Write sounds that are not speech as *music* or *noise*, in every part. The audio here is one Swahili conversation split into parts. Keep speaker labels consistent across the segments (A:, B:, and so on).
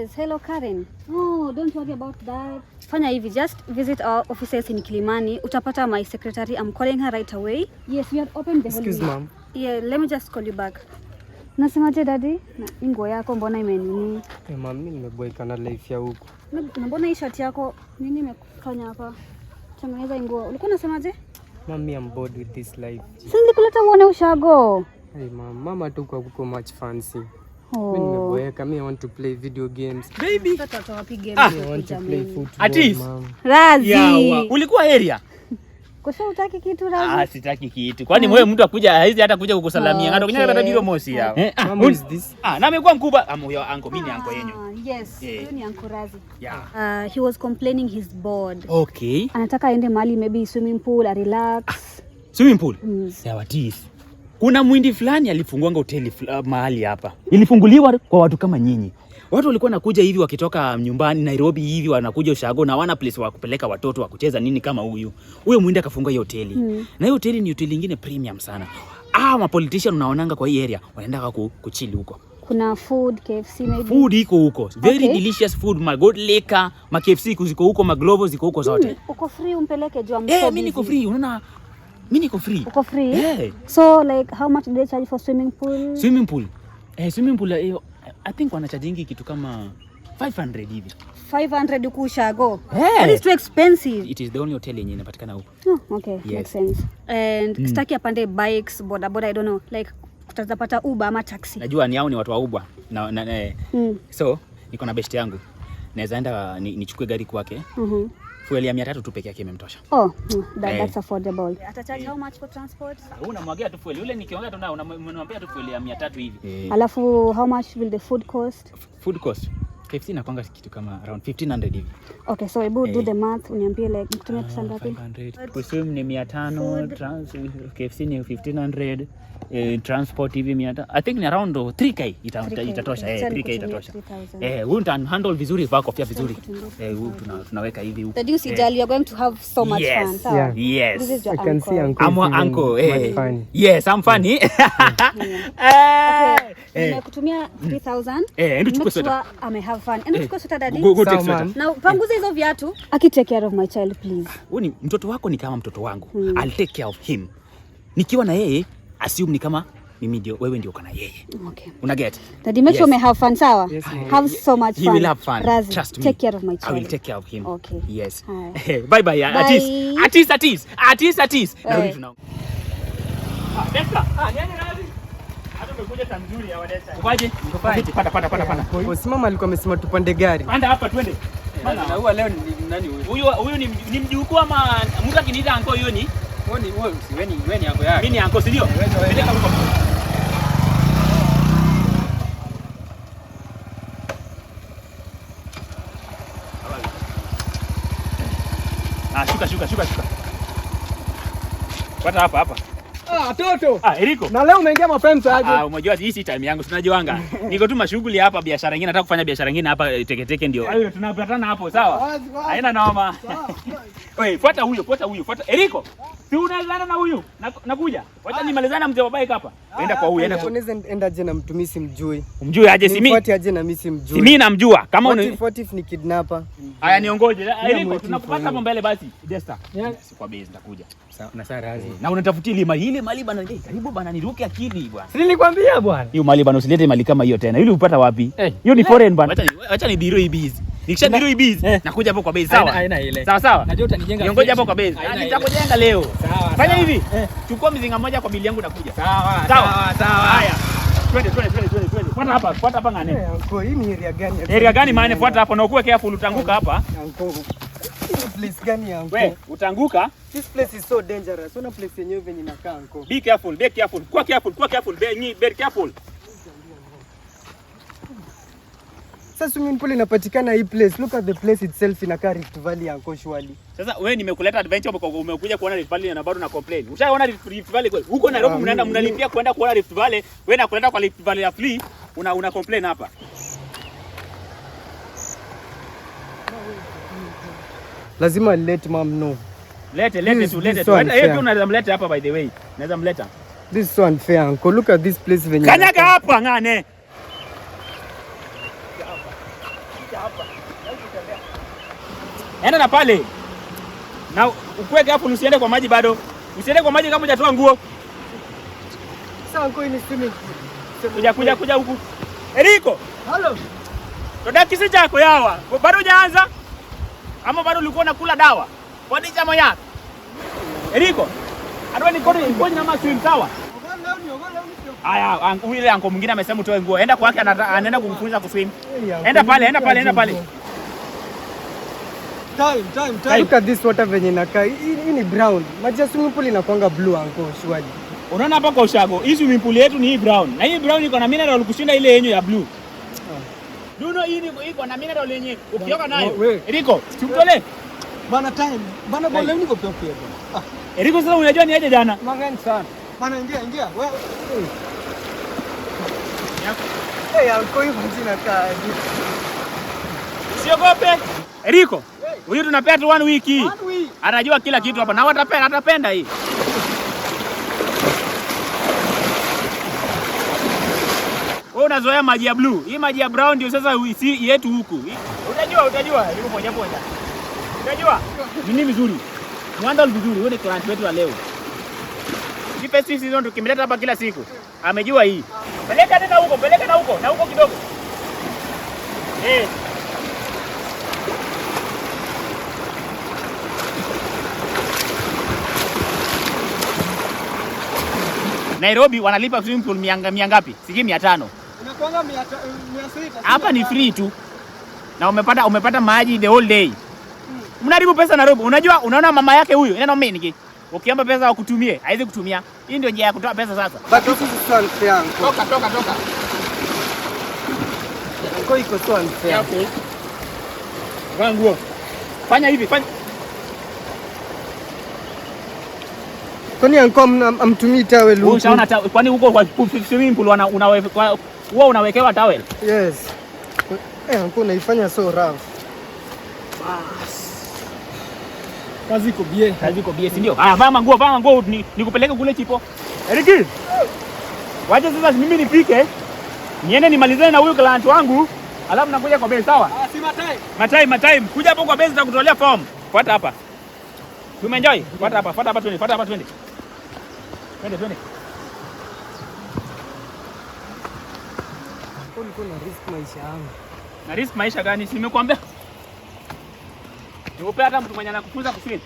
A: Yes, hello Karen.
B: Oh, don't worry about that.
A: Fanya hivi, just visit our offices in Kilimani. Utapata my secretary. I'm calling her right away.
B: Yes, we have opened the
C: Excuse ma'am.
A: Yeah, let me just call you back.
B: Nasemaje daddy? Na ingo yako mbona imenini?
C: Hey, eh, ma'am, mimi nimeboeka na life ya huko.
B: Na mbona hii shati yako nini imekufanya hapa? Tengeneza ingo. Ulikuwa unasemaje?
C: Ma'am, I'm bored with this life.
B: Sasa nikuleta uone ushago.
C: Hey ma'am, mama tu kwa kuko much fancy. Oh.
D: Ulikuwa area
B: *laughs* utaki kitu ah,
D: sitaki kitu kwani mwe mtu akuja haizi hata kuja kukusalamia ngado ah, kinyaka tata biro mosi ya eh, ah, ah, na amekuwa mkubwa amuyo ah, anko mimi anko yenyu
B: yes yeah. ni anko Razi yeah. Uh, he was complaining he's bored okay, anataka aende mahali maybe swimming pool a relax ah, swimming pool mm. sawa
D: teeth kuna mwindi fulani alifungua hoteli fula, mahali hapa ilifunguliwa kwa watu kama nyinyi. Watu walikuwa nakuja hivi wakitoka nyumbani Nairobi hivi wanakuja ushago na wana place wa kupeleka watoto wa kucheza nini kama huyu huyo mwindi akafungua hiyo hoteli mm. na hiyo hoteli ni hoteli nyingine premium sana. Ah, ma politician unaonanga kwa hii area wanaenda ku, kuchili huko
B: kuna food KFC maybe.
D: Food iko huko very okay. delicious food my good liquor ma KFC ziko huko ma Glovo ziko huko hmm, zote. Mm,
B: uko free umpeleke jua
D: msobi. Eh, mimi niko free unaona mimi niko free. Uko free? Yeah.
B: So like how much do they charge for swimming pool?
D: Swimming pool. Eh, swimming pool eh, I think wanachajingi kitu kama 500 hivi.
B: 500 ukushago. Yeah. That is too expensive.
D: It is the only hotel yenye inapatikana huko.
B: Oh, okay. Yes. Makes sense. And mm. Staki apande bikes, boda boda, I don't know. Like utazapata Uber ama taxi.
D: Najua ni hao ni watu wa Uber. Na, na, na eh. mm. So niko na best yangu. Naweza enda nichukue ni gari kwake. Mhm. Mm fuel ya 300 tu peke yake imemtosha.
B: Oh, hmm, that, that's eh. affordable.
A: Ata Atacharge how much for transport?
D: Eh, unamwagia tu fuel. Yule nikiongea tu naye unamwambia tu fuel ya 300 hivi.
B: Eh. Alafu how much will the food cost?
D: Food cost. 15 na kwanga kitu kama around 1500 hivi.
B: Okay, so hebu do eh. the math uniambie like mtumia ah, pesa ngapi?
D: 500. Kuswim ni 500, trans KFC ni 1500, eh, transport hivi 500. I think ni around 3k itatosha. Eh, 3k itatosha. Eh, wewe utan handle vizuri vaa kofia vizuri. Eh, tuna tunaweka hivi huko.
A: That you see eh. Jali, you are going to have so much fun.
D: So, yes. This
A: is your I can see
D: uncle. I'm uncle.
C: Eh.
D: Yes, I'm funny. *laughs* Eh.
B: eh. Nimekutumia 3000.
D: Eh, ndio chukua sweta.
B: Ame have Eh, panguza hizo viatu. Aki take care of my child, please. Ah,
D: wewe mtoto wako ni kama mtoto wangu. Hmm. I'll take care of him. Nikiwa na yeye, assume ni kama mimi ndio wewe ndio kana yeye. Okay. Una get?
B: Daddy, make sure have fun, sawa? Yes, have so much fun.
D: He will have fun. Razi, Trust me.
B: Take care of my child.
D: I will take care of him. Okay. Yes. *laughs* bye bye. At least. At least, at least. At least, at least. Narudi tunao. Ah, Ah, Simama, alikuwa amesema tupande gari. Panda hapa twende. Eh, huyu ni mjukuu ama mtu akiniita anko, huyo ni mimi ni anko, si ndio? Eh, ah, shuka, shuka, shuka, shuka. Panda hapa hapa.
E: Ah, ah toto.
D: Ah, Eriko. Na
E: leo umeingia mapema aje?
D: Ah, umejua hii si time yangu, sinajuanga. Niko tu mashughuli hapa, biashara nyingine nataka kufanya biashara nyingine hapa eh, teke teke ndio. Hayo tunapatana hapo, sawa? Haina noma. *laughs* Wewe fuata huyo, fuata huyo, fuata Eriko. Si unaelana na huyo? Nakuja. Wacha ah. nimalizane mzee wa bike hapa. Ah, enda kwa huyo, enda kwa.
C: Unaweza enda je na mtu mimi simjui.
D: Mjui aje si mimi? Fuata
C: aje na mimi simjui. Si
D: mimi namjua. Kama una
C: fuati ni kidnapper.
D: Haya niongoje. Eriko tunakupata hapo mbele basi. Desta. Si kwa base nitakuja na unatafutia ile mali ile mali bana, eh, karibu bana, niruke akili bwana. Si nilikwambia bwana, hiyo mali bana, usilete mali kama hiyo tena. Ile upata wapi? Eh. Hiyo ni foreign bwana. Acha ni biro ibizi, nikisha biro ibizi eh. nakuja hapo kwa bei. Sawa sawa sawa, najua utanijenga, niongoje hapo kwa bei, ah, nitakujenga leo. Sawa, Fanya hivi, chukua mzinga moja kwa bili yangu, nakuja. Sawa sawa sawa, haya twende twende twende fuata hapa, fuata hapa ngane.
C: area gani?
D: Area gani? Maana fuata hapo na ukuwe careful, utanguka hapa
C: place gani ya
D: wewe utaanguka.
C: This place is so dangerous. Una place yenyewe venye inakaa huko.
D: Be careful, be careful. Kuwa careful, kuwa careful. Be ni be careful.
C: Sasa swimming pool inapatikana hii place. Look at the place itself inakaa Rift Valley ya Koshwali.
D: Sasa wewe nimekuleta adventure umekuja kuona Rift Valley na bado na complain. Ushaona Rift Valley kweli? Huko Nairobi ah, mnaenda mnalipia kwenda kuona Rift Valley, wewe nakuleta kwa Rift Valley ya free. Una una complain hapa.
C: lazima let mom no.
D: Lete, lete tu, lete tu. Hata yeye unaweza mleta hapa by the way. Naweza mleta.
C: This is unfair uncle. Look at this place venye.
D: Kanyaga hapa ngane. Enda na pale. Na ukweke hapo usiende kwa maji bado. Usiende kwa maji kama hujatoa nguo.
C: Sasa uncle ni swimming.
D: Kuja kuja kuja huku. Eriko. Hello. Todakisi chako yawa. Bado hujaanza? ama bado ulikuwa unakula dawa kwa nini chama yako Eriko adwa ni kodi ipo na swim sawa Aya, yule anko mwingine amesema utoe nguo. Enda kwake anaenda kumfunza kuswim. Enda pale, enda pale, enda pale.
C: Time, time, time. Look at this water venye inakaa. Hii ni brown. Maji ya swimming pool inakuanga blue anko swali.
D: Unaona hapa kwa ushago. Hii swimming pool yetu ni hii brown. Na hii brown iko na mineral kushinda ile yenyu ya blue. Nuno hii ni iko na mineral yenye ukioga nayo. Eriko, chukole.
C: Bana time. Bana bole niko pia pia. Ah.
D: Eriko sasa unajua ni aje jana?
C: Mangani sana. Bana ingia ingia. Wewe. Hey, ya koi mzina kaji.
D: Siogope. Eriko. Huyu tunapea tu one week hii. Anajua kila kitu hapa na watapenda atapenda hii. unazoea maji ya blue. Hii maji ya brown ndio sasa yetu huku. Utajua, utajua. Yuko moja moja. Utajua? Nini vizuri. Mwanda vizuri. Wewe ni client wetu wa leo. Hii festive season kimeleta hapa kila siku. Amejua hii. Peleka tena huko, peleka na huko, na huko kidogo. Eh. Nairobi wanalipa swimming pool mia ngapi? Sijui mia tano.
E: Eh,
D: Hapa ni free tu na umepata, umepata maji the whole day. hmm. Mnaribu pesa Nairobi. Unajua, unaona mama yake huyu neno niki Ukiomba pesa wakutumie, haizi kutumia. Hii ndio njia ya kutoa pesa sasa. Toka, toka, toka. Fanya hivi, fanya.
C: Kwani amtumii tawe.
D: Kwani huko kwa swimming pool wana una huwa unawekewa towel?
C: Yes. Eh, mko naifanya so rough. Bas. Kazi iko bie.
D: Kazi iko bie, si ndio? Haya, vaa manguo, vaa manguo nikupeleke kule chipo. Eriki. Wacha sasa mimi nipike. Niende nimalizane na huyu client wangu. Alafu nakuja kwa base sawa? Ah, si matai. Matai, matai. Kuja hapo kwa base kutolea form. Fuata hapa. Tumenjoy. Fuata hapa, fuata hapa twende, fuata hapa twende. Twende, twende.
C: niko na risk maisha yangu.
D: Na risk maisha gani? Si nimekuambia nikupe hata mtu mwenye anakufunza kusini.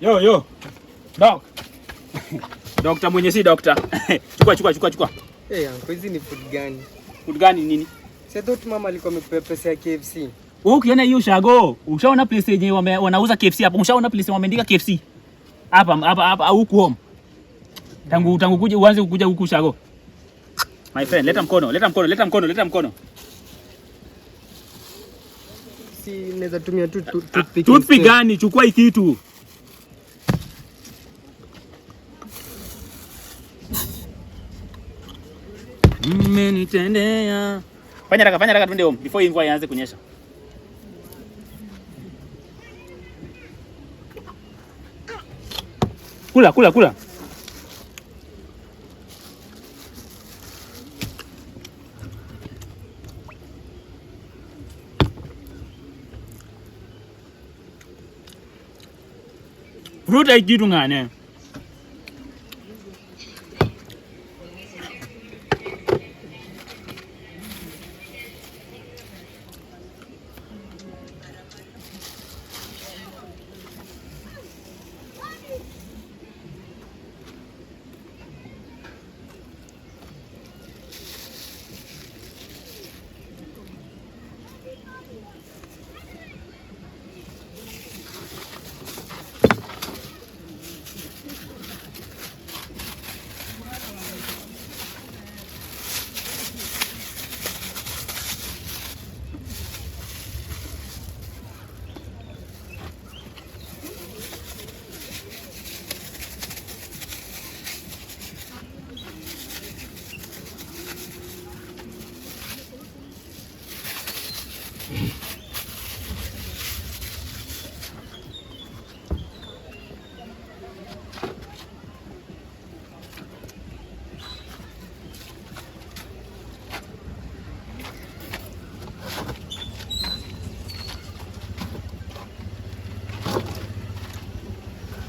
D: Yo yo. Dok. *laughs* Dokta mwenye si dokta. *laughs* Chukua chukua chukua chukua.
C: Eh, hey, yangu hizi ni food gani?
D: Food gani nini?
C: Sasa Sedot mama alikuwa amepewa pesa ya KFC.
D: Wewe ukiona hiyo shago, ushaona place yenye wanauza KFC hapo, ushaona place wameandika KFC. Hapa hapa hapa huku home. Tangu tangu kuja uanze kukuja huku shago. My friend, leta mkono, leta mkono, leta mkono, leta mkono.
C: Si naweza tumia tu ah, toothpick.
D: Toothpick gani? Chukua hii kitu. Mmenitendea. Fanya haraka, fanya haraka twende home before hii mvua ianze kunyesha. Kula, kula, kula. Blut ergibt Dungen.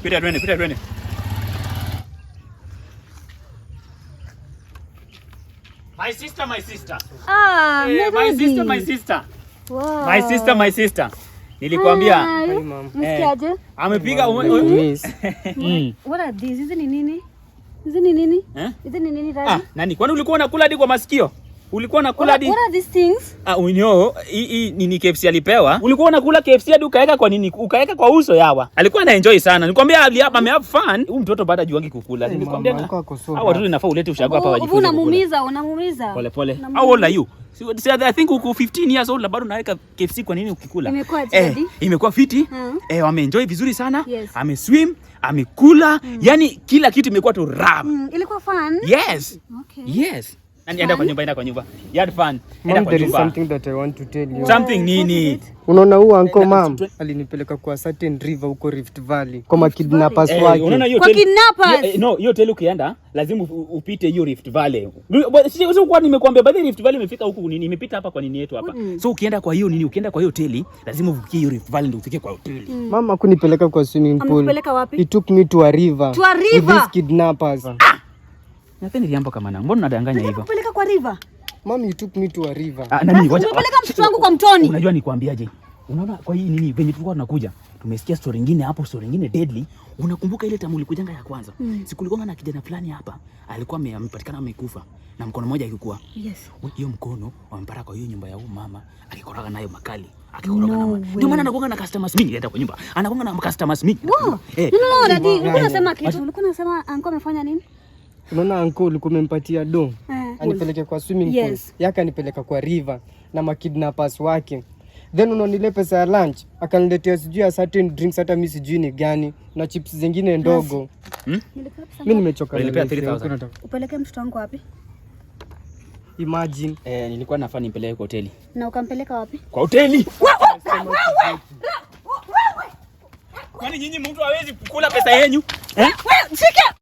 D: Pita twende, pita twende. My sister, my sister.
B: Ah, eh, my
D: sister, my sister. Wow. My sister, my sister. Nilikwambia
B: Msikiaje? amepiga *laughs* hmm. What are these? Hizi ni nini? Hizi ni nini? Eh? Hizi ni nini? Ah,
D: nani? Kwani ulikuwa unakula hadi kwa masikio? Ulikuwa unakula di... What
B: are these things?
D: Ah, unyo, hii nini KFC alipewa? Ulikuwa unakula KFC hadi ukaweka kwa nini? Ukaweka kwa uso yawa. Alikuwa ana enjoy sana. Nikwambia ali hapa ame have fun. Huyu mtoto baada juangi kukula.
C: Nikwambia na. Ah, Hao
D: watoto inafaa ulete ushago hapa oh, wajifunze.
B: Unamuumiza, unamuumiza.
D: Pole pole. How old are you? So, I think uko 15 years old bado unaweka KFC kwa nini ukikula?
B: Imekuwa eh,
D: imekuwa fiti.
B: Hmm. Eh,
D: ameenjoy vizuri sana. Yes. Ame swim, amekula. Hmm. Yaani kila kitu imekuwa tu ram.
B: Hmm. Ilikuwa fun. Yes. Okay.
D: Yes. Enda kwa nyumba, enda kwa nyumba. Yard fan.
C: Enda kwa nyumba. Something that I want to tell you.
D: Something nini?
C: Unaona huyu anko mam alinipeleka kwa certain river huko Rift Valley kwa makidnappers wake.
B: Kwa kidnappers. Eh,
D: eh, no, hiyo tell ukienda lazima upite hiyo Rift Valley. Sio kwa nimekuambia baadhi Rift Valley imefika huku nini imepita hapa kwa nini yetu hapa. So ukienda kwa hiyo nini ukienda kwa hiyo hoteli lazima uvukie hiyo Rift Valley ndio ufike kwa hoteli. Mm.
C: Mama kunipeleka kwa swimming pool. Anipeleka wapi? He took me to a river.
B: To a river. With these
C: kidnappers. Ah!
D: Nyathini riambo kama nangu. Mbona unadanganya
B: hivyo? Kupeleka kwa river.
C: Mommy you took me to a river.
D: Ah, nani wacha.
B: Unapeleka ah, mtoto wangu kwa mtoni.
D: Unajua nikwambiaje? Unaona kwa hii nini venye tulikuwa tunakuja. Tumesikia story nyingine hapo, story nyingine deadly. Unakumbuka ile tamu ulikujanga ya kwanza?
B: Mm. Sikulikuwa
D: na kijana fulani hapa. Alikuwa amepatikana amekufa na mkono mmoja alikuwa. Yes. Hiyo mkono wampara kwa hiyo nyumba ya huyu mama akikoroga nayo makali. Akikoroga na Ndio maana anakuwa na customers mingi hata kwa nyumba. Anakuwa na customers mingi.
B: Wow. Eh. Hey. No, no, no, no, no, no, no, no, no, no, no, no, no, no, no,
C: Unaona uncle kumempatia do eh. anipeleke kwa swimming pool yes. Yaka anipeleka kwa river na makidnappers wake, then unaonile pesa ya lunch akaniletea sijui ya certain drinks, hata mimi sijui ni gani na chips zingine ndogo. Hmm? Mimi nimechoka.
B: Upeleke mtoto wangu wapi?
C: Imagine.
D: Eh, nilikuwa nafaa nipeleke kwa hoteli.
B: Na ukampeleka wapi?
D: Kwa hoteli. Kwani nyinyi mtu hawezi kukula pesa yenu? Eh? Shika.